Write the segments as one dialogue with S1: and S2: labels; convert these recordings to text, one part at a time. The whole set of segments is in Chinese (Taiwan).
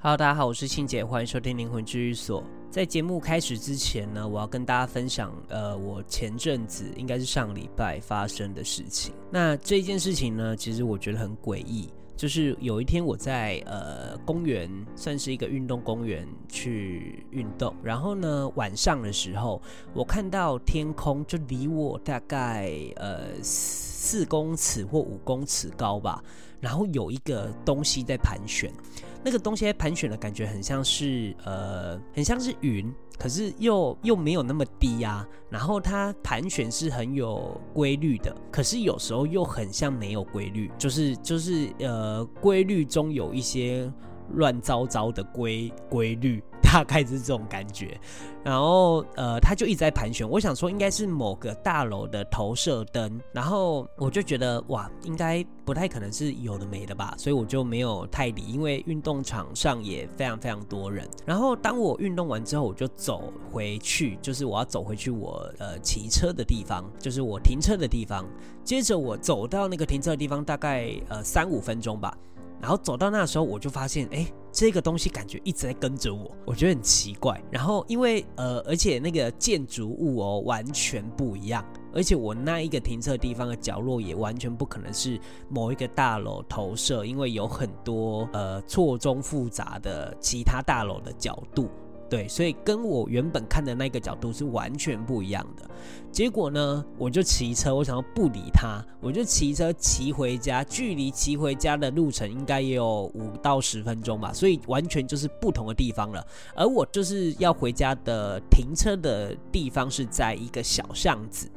S1: Hello，大家好，我是慶姐，歡迎收聽靈魂治癒所。在節目開始之前呢，我要跟大家分享，呃，我前陣子應該是上禮拜發生的事情。那這件事情呢，其實我覺得很詭異，就是有一天我在呃公園，算是一個運動公園去運動，然後呢晚上的時候，我看到天空就離我大概呃，四公尺或五公尺高吧，然後有一個東西在盤旋，那個東西在盤旋的感覺很像是呃，很像是雲，可是又又沒有那麼低呀、啊。然後它盤旋是很有規律的，可是有時候又很像沒有規律，就是就是呃，規律中有一些亂糟糟的規規律。大概是這種感覺，然後呃，他就一直在盤旋。我想說，應該是某個大樓的投射燈，然後我就覺得哇，應該不太可能是有的沒的吧，所以我就沒有太理。因為運動場上也非常非常多人。然後當我運動完之後，我就走回去，就是我要走回去我呃騎車的地方，就是我停車的地方。接着我走到那個停車的地方，大概呃三五分鐘吧。然後走到那時候，我就發現哎。欸這個東西感覺一直在跟着我，我覺得很奇怪。然後因為呃，而且那個建築物哦，完全不一樣，而且我那一個停車地方的角落也完全不可能是某一個大樓投射，因為有很多呃錯綜複雜的其他大樓的角度。對，所以跟我原本看的那個角度是完全不一樣的。結果呢，我就騎車，我想要不理他，我就騎車騎回家。距離騎回家的路程應該也有五到十分鐘吧，所以完全就是不同的地方了。而我就是要回家的停車的地方是在一個小巷子。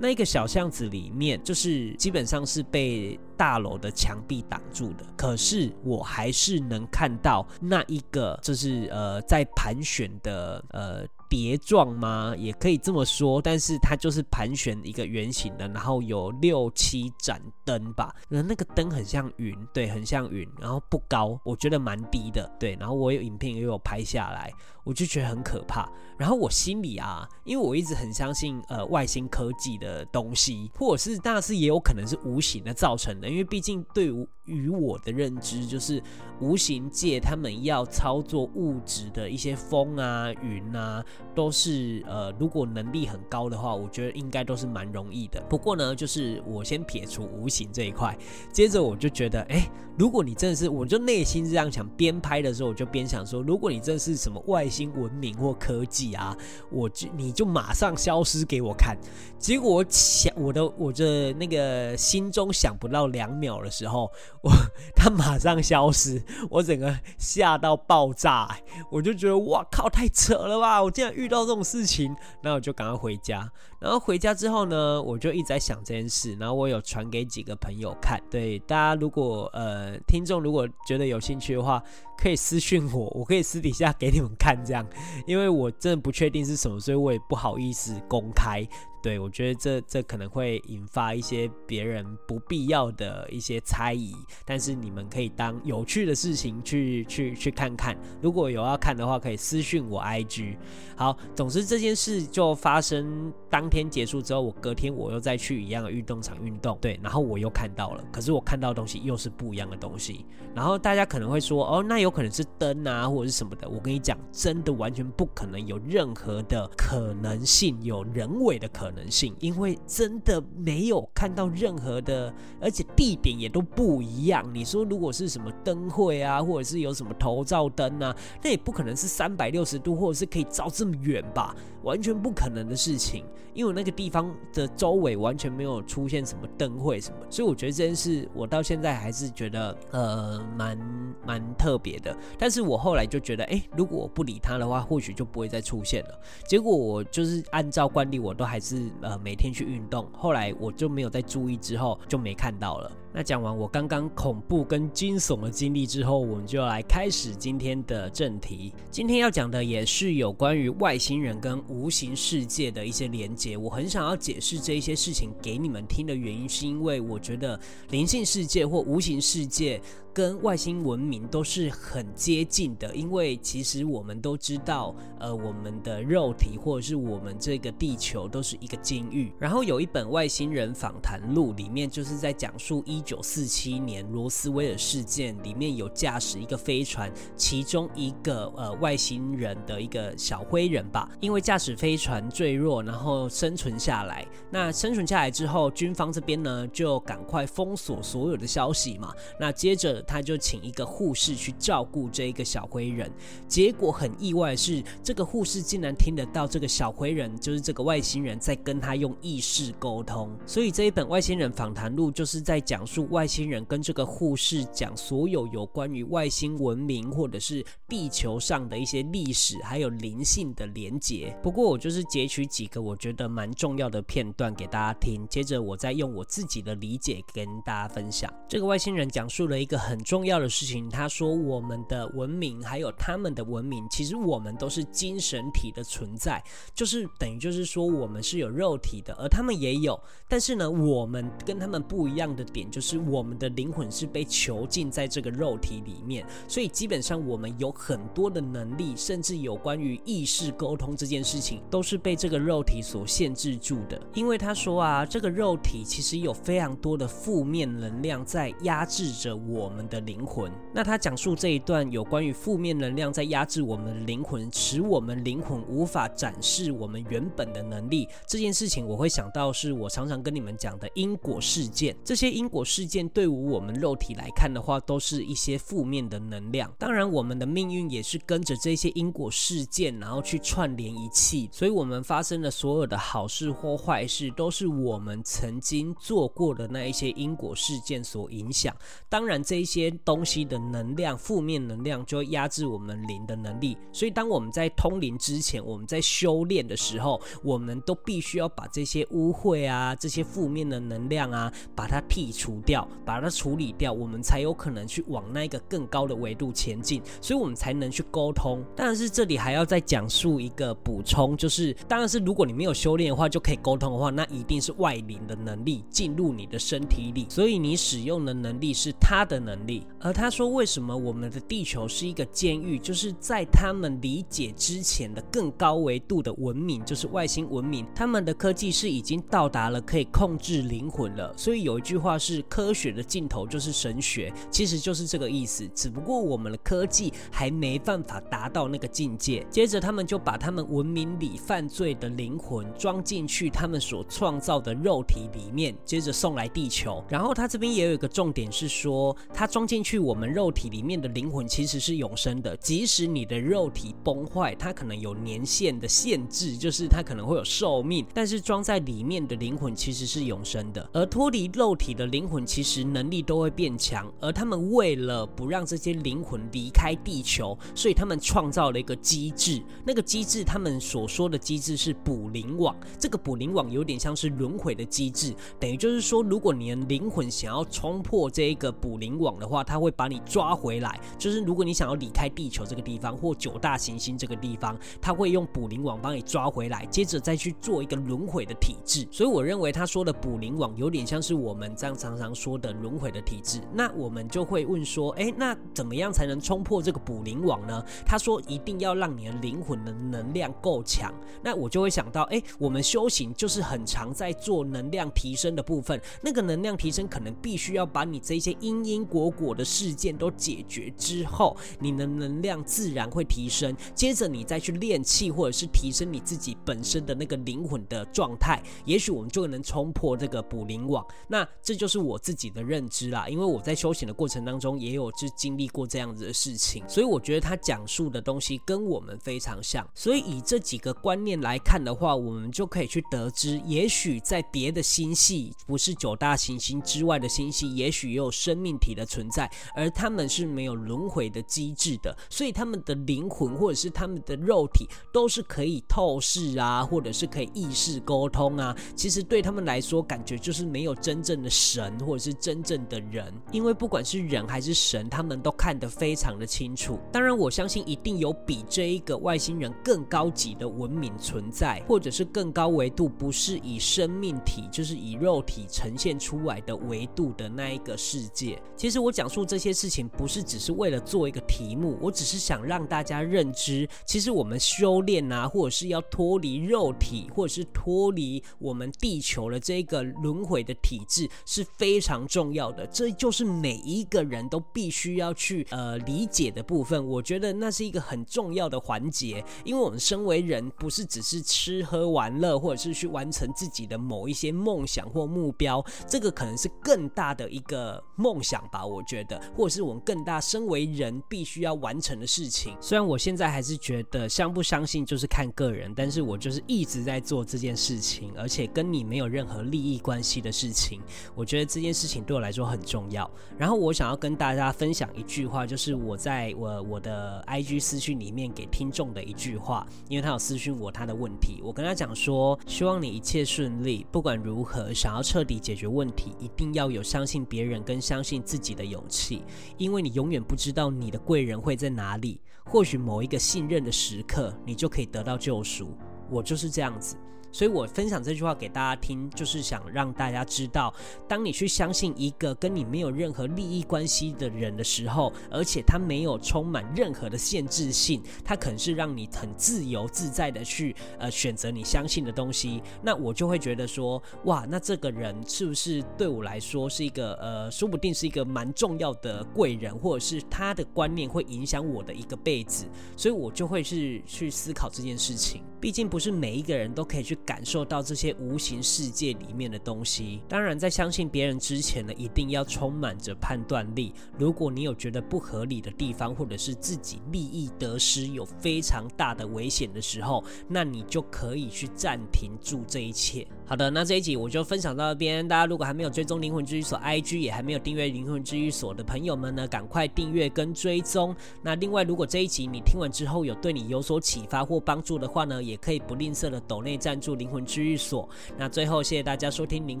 S1: 那一個小巷子裡面，就是基本上是被大樓的牆壁擋住的，可是我還是能看到那一個，就是呃，在盤旋的呃。碟狀嗎？也可以這麼說，但是它就是盤旋一個圓形的，然後有六七盞燈吧。那那個燈很像雲，對，很像雲，然後不高，我覺得蠻低的，對。然後我有影片也有拍下來，我就覺得很可怕。然後我心裡啊，因為我一直很相信呃外星科技的東西，或者是當然是也有可能是無形的造成的，因為畢竟對。與我的認知就是，無形界他們要操作物質的一些風啊、雲啊，都是呃，如果能力很高的話，我覺得應該都是蠻容易的。不過呢，就是我先撇除無形這一塊，接着我就覺得，哎，如果你真的是，我就內心這樣想，邊拍的時候我就邊想說，如果你真的是什麼外星文明或科技啊，我就你就馬上消失給我看。結果我想，我的我的那個心中想不到兩秒的時候。我他馬上消失，我整個嚇到爆炸，我就覺得哇靠，太扯了吧！我竟然遇到這種事情，那我就趕快回家。然後回家之後呢，我就一直在想這件事。然後我有傳給幾個朋友看，對，大家如果呃聽眾如果覺得有興趣的話，可以私訊我，我可以私底下給你們看這樣，因為我真的不確定是什麼，所以我也不好意思公開。對，我覺得這這可能會引發一些別人不必要的一些猜疑，但是你們可以當有趣的事情去去去看看。如果有要看的話，可以私訊我 IG。好，總之這件事就發生當天結束之後，我隔天我又再去一樣的運動場運動，對，然後我又看到了，可是我看到的東西又是不一樣的東西。然後大家可能會說，哦，那有可能是燈啊，或者是什麼的。我跟你講，真的完全不可能有任何的可能性，有人為的可能。可能性，因為真的沒有看到任何的，而且地點也都不一樣。你說如果是什麼燈會啊，或者是有什麼頭照燈啊，那也不可能是三百六十度，或者是可以照這麼遠吧？完全不可能的事情。因為那個地方的周圍完全沒有出現什麼燈會什麼，所以我覺得這件事我到現在還是覺得呃蠻蠻特別的。但是我後來就覺得，哎、欸，如果我不理他的話，或許就不會再出現了。結果我就是按照慣例，我都還是。呃，每天去運動，後來我就沒有再注意，之後就沒看到了。那講完我剛剛恐怖跟驚悚的經歷之後，我們就來開始今天的正題。今天要講的也是有關於外星人跟無形世界的一些連接。我很想要解釋這一些事情給你們聽的原因，是因為我覺得靈性世界或無形世界跟外星文明都是很接近的。因為其實我們都知道，呃，我們的肉體或者是我們這個地球都是一個監獄。然後有一本外星人訪談錄，裡面就是在講述一。一九四七年羅斯威爾事件裡面有駕駛一個飛船，其中一個呃外星人的一個小灰人吧，因為駕駛飛船墜落，然後生存下來。那生存下來之後，軍方這邊呢就趕快封鎖所有的消息嘛。那接着他就請一個護士去照顧這一個小灰人，結果很意外的是，這個護士竟然聽得到這個小灰人，就是這個外星人在跟他用意識溝通。所以這一本《外星人訪談錄》就是在講。外星人跟這個護士講所有有關於外星文明或者是地球上的一些歷史，還有靈性的連結。不過我就是截取幾個我覺得蠻重要的片段給大家聽，接着我再用我自己的理解跟大家分享。這個外星人講述了一個很重要的事情，他說我們的文明還有他們的文明，其實我們都是精神體的存在，就是等於就是說我們是有肉體的，而他們也有，但是呢，我們跟他們不一樣的點就是。就是我們的靈魂是被囚禁在這個肉體裡面，所以基本上我們有很多的能力，甚至有關於意識溝通這件事情，都是被這個肉體所限制住的。因為他說啊，這個肉體其實有非常多的負面能量在壓制着我們的靈魂。那他講述這一段有關於負面能量在壓制我們的靈魂，使我們靈魂無法展示我們原本的能力這件事情，我會想到是我常常跟你們講的因果事件，這些因果。事件對於我們肉體來看的話，都是一些負面的能量。當然，我們的命運也是跟着這些因果事件，然後去串聯一氣。所以，我們發生的所有的好事或壞事，都是我們曾經做過的那一些因果事件所影響。當然，這些東西的能量，負面能量就會壓制我們靈的能力。所以，當我們在通靈之前，我們在修煉的時候，我們都必須要把這些污穢啊，這些負面的能量啊，把它剔除。掉，把它處理掉，我們才有可能去往那一個更高的維度前進，所以我們才能去溝通。但是這裡還要再講述一個補充，就是，當然是如果你沒有修煉的話，就可以溝通的話，那一定是外靈的能力進入你的身體裡，所以你使用的能力是他的能力。而他說，為什麼我們的地球是一個監獄？就是在他們理解之前的更高維度的文明，就是外星文明，他們的科技是已經到達了可以控制靈魂了。所以有一句話是。科學的盡頭就是神學，其實就是這個意思。只不過我們的科技還沒辦法達到那個境界。接着，他們就把他們文明裡犯罪的靈魂裝進去他們所創造的肉體裡面，接着送來地球。然後他這邊也有一個重點是說，他裝進去我們肉體裡面的靈魂其實是永生的。即使你的肉體崩壞，它可能有年限的限制，就是它可能會有壽命，但是裝在裡面的靈魂其實是永生的。而脫離肉體的靈魂。其實能力都會變強，而他們為了不讓這些靈魂離開地球，所以他們創造了一個機製。那個機制，他們所說的機制是捕靈網。這個捕靈網有點像是輪回的機制，等於就是說，如果你的靈魂想要衝破這一個捕靈網的話，他會把你抓回來。就是如果你想要離開地球這個地方或九大行星這個地方，他會用捕靈網幫你抓回來，接着再去做一個輪回的體製。所以我認為他說的捕靈網有點像是我們這樣常常，常說的輪回的體質，那我們就會問說，誒、欸，那怎麼樣才能衝破這個捕靈網呢？他說一定要讓你的靈魂的能量夠強。那我就會想到，誒、欸，我們修行就是很常在做能量提升的部分。那個能量提升可能必須要把你這些因因果果的事件都解決之後，你的能量自然會提升。接着你再去練氣，或者是提升你自己本身的那個靈魂的狀態，也許我們就能衝破這個捕靈網。那這就是。我自己的認知啦、啊，因為我在修行的過程當中也有就經歷過這樣子的事情，所以我覺得他講述的東西跟我們非常像。所以以這幾個觀念來看的話，我們就可以去得知，也許在別的星系，不是九大行星之外的星系，也許也有生命體的存在，而他們是沒有輪迴的機制的，所以他們的靈魂或者是他們的肉體都是可以透視啊，或者是可以意識溝通啊。其實對他們來說，感覺就是沒有真正的神。或者是真正的人，因為不管是人還是神，他們都看得非常的清楚。當然，我相信一定有比這一個外星人更高級的文明存在，或者是更高維度，不是以生命體，就是以肉體呈現出來的維度的那一個世界。其實我講述這些事情，不是只是為了做一個題目，我只是想讓大家認知，其實我們修煉啊，或者是要脫離肉體，或者是脫離我們地球的這一個輪回的體質，是非。非常重要的，這就是每一個人都必須要去呃理解的部分。我覺得那是一個很重要的環節，因為我們身為人，不是只是吃喝玩樂，或者是去完成自己的某一些夢想或目標，這個可能是更大的一個夢想吧。我覺得，或者是我們更大身為人必須要完成的事情。雖然我現在還是覺得相不相信就是看個人，但是我就是一直在做這件事情，而且跟你沒有任何利益關係的事情。我覺得。這件事情對我來說很重要。然後我想要跟大家分享一句話，就是我在我我的 IG 私訊裡面給聽眾的一句話，因為他有私訊我他的問題，我跟他講說，希望你一切順利。不管如何，想要徹底解決問題，一定要有相信別人跟相信自己的勇氣，因為你永遠不知道你的貴人會在哪裡。或許某一個信任的時刻，你就可以得到救贖。我就是這樣子。所以我分享這句話給大家聽，就是想讓大家知道，當你去相信一個跟你沒有任何利益關係的人的時候，而且他沒有充滿任何的限制性，他可能是讓你很自由自在的去呃選擇你相信的東西。那我就會覺得說，哇，那這個人是不是對我來說是一個呃，說不定是一個蠻重要的貴人，或者是他的觀念會影響我的一個輩子。所以我就會去去思考這件事情。畢竟不是每一個人都可以去。感受到這些無形世界裡面的東西。當然，在相信別人之前呢，一定要充滿着判斷力。如果你有覺得不合理的地方，或者是自己利益得失有非常大的危險的時候，那你就可以去暫停住這一切。好的，那這一集我就分享到這邊。大家如果還沒有追蹤靈魂治癒所 IG，也還沒有訂閱靈魂治癒所的朋友們呢，趕快訂閱跟追蹤。那另外，如果這一集你聽完之後有對你有所啟發或幫助的話呢，也可以不吝嗇的抖內贊助靈魂治癒所。那最後，謝謝大家收聽靈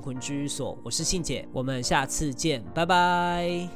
S1: 魂治癒所，我是信姐，我們下次見，拜拜。